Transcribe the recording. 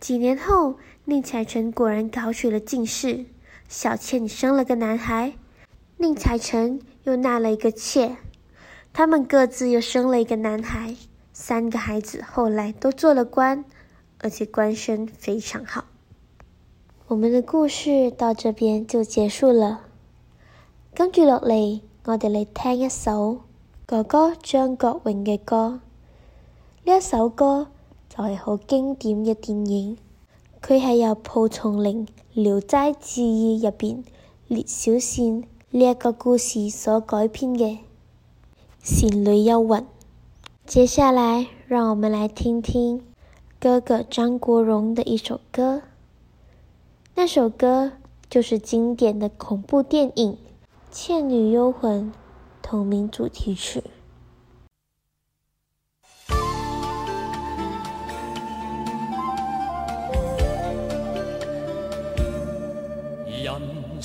幾年後，寧采臣果然考取了進士。小妾你生了個男孩，寧采臣又納了一個妾，他們各自又生了一個男孩，三個孩子後來都做了官，而且官聲非常好。我們的故事到這邊就結束了。跟住落嚟，我哋嚟聽一首哥哥張國榮嘅歌，呢一首歌。就係好經典嘅電影，佢係由蒲松齡《聊齋志異》入邊聶小倩呢一個故事所改編嘅《倩女幽魂》。接下來，讓我們來聽聽哥哥張國榮的一首歌，那首歌就是經典嘅恐怖電影《倩女幽魂》同名主題曲。